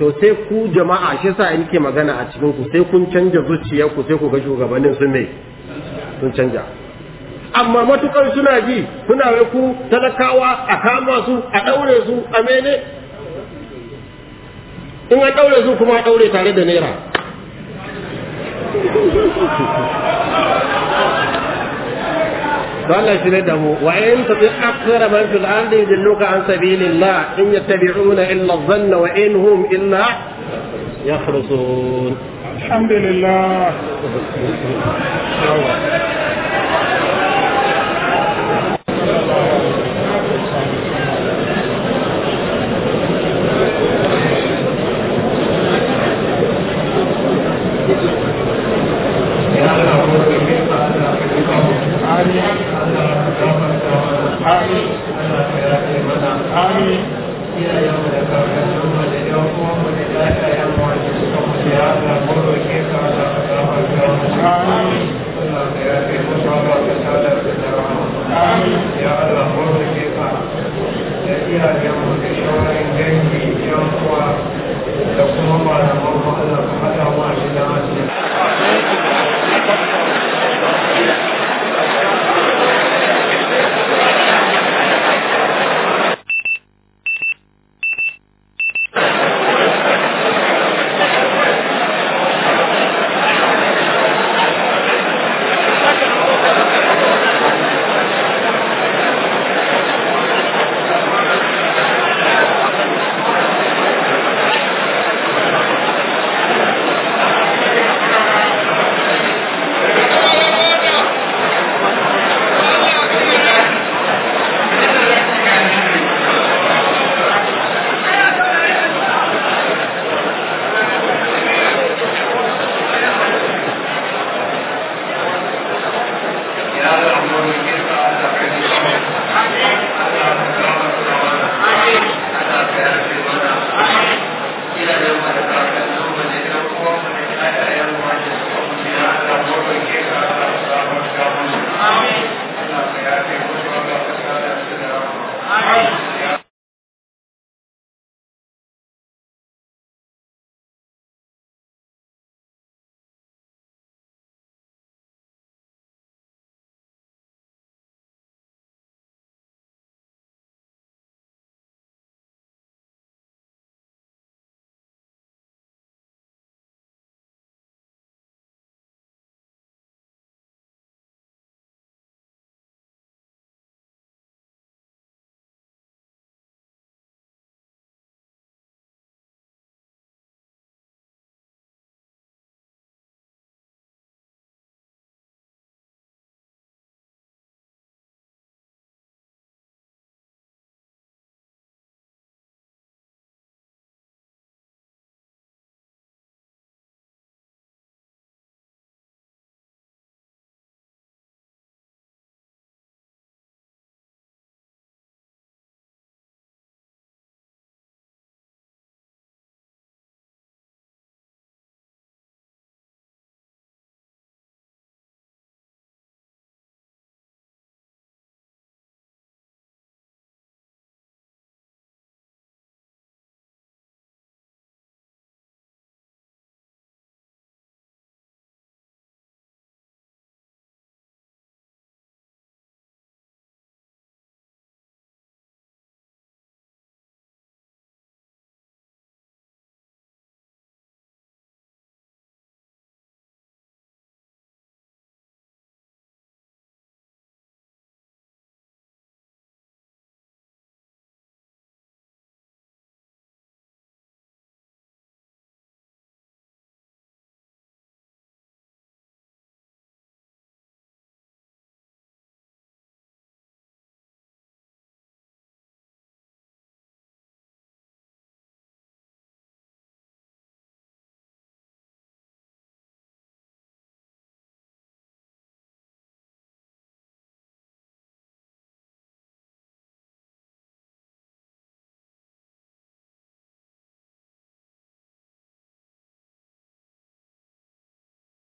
to sai ku jama'a shi yasa ke magana a cikin ku sai kun canja zuciyar ku sai ku ga shugabannin sun me sun canja amma matukar suna ji kuna wai ku talakawa a kama su a daure su a mene وإن تطيع أكثر من في الأرض يدلوك عن سبيل الله إن يتبعون إلا الظن وإن هم إلا يخرصون الحمد لله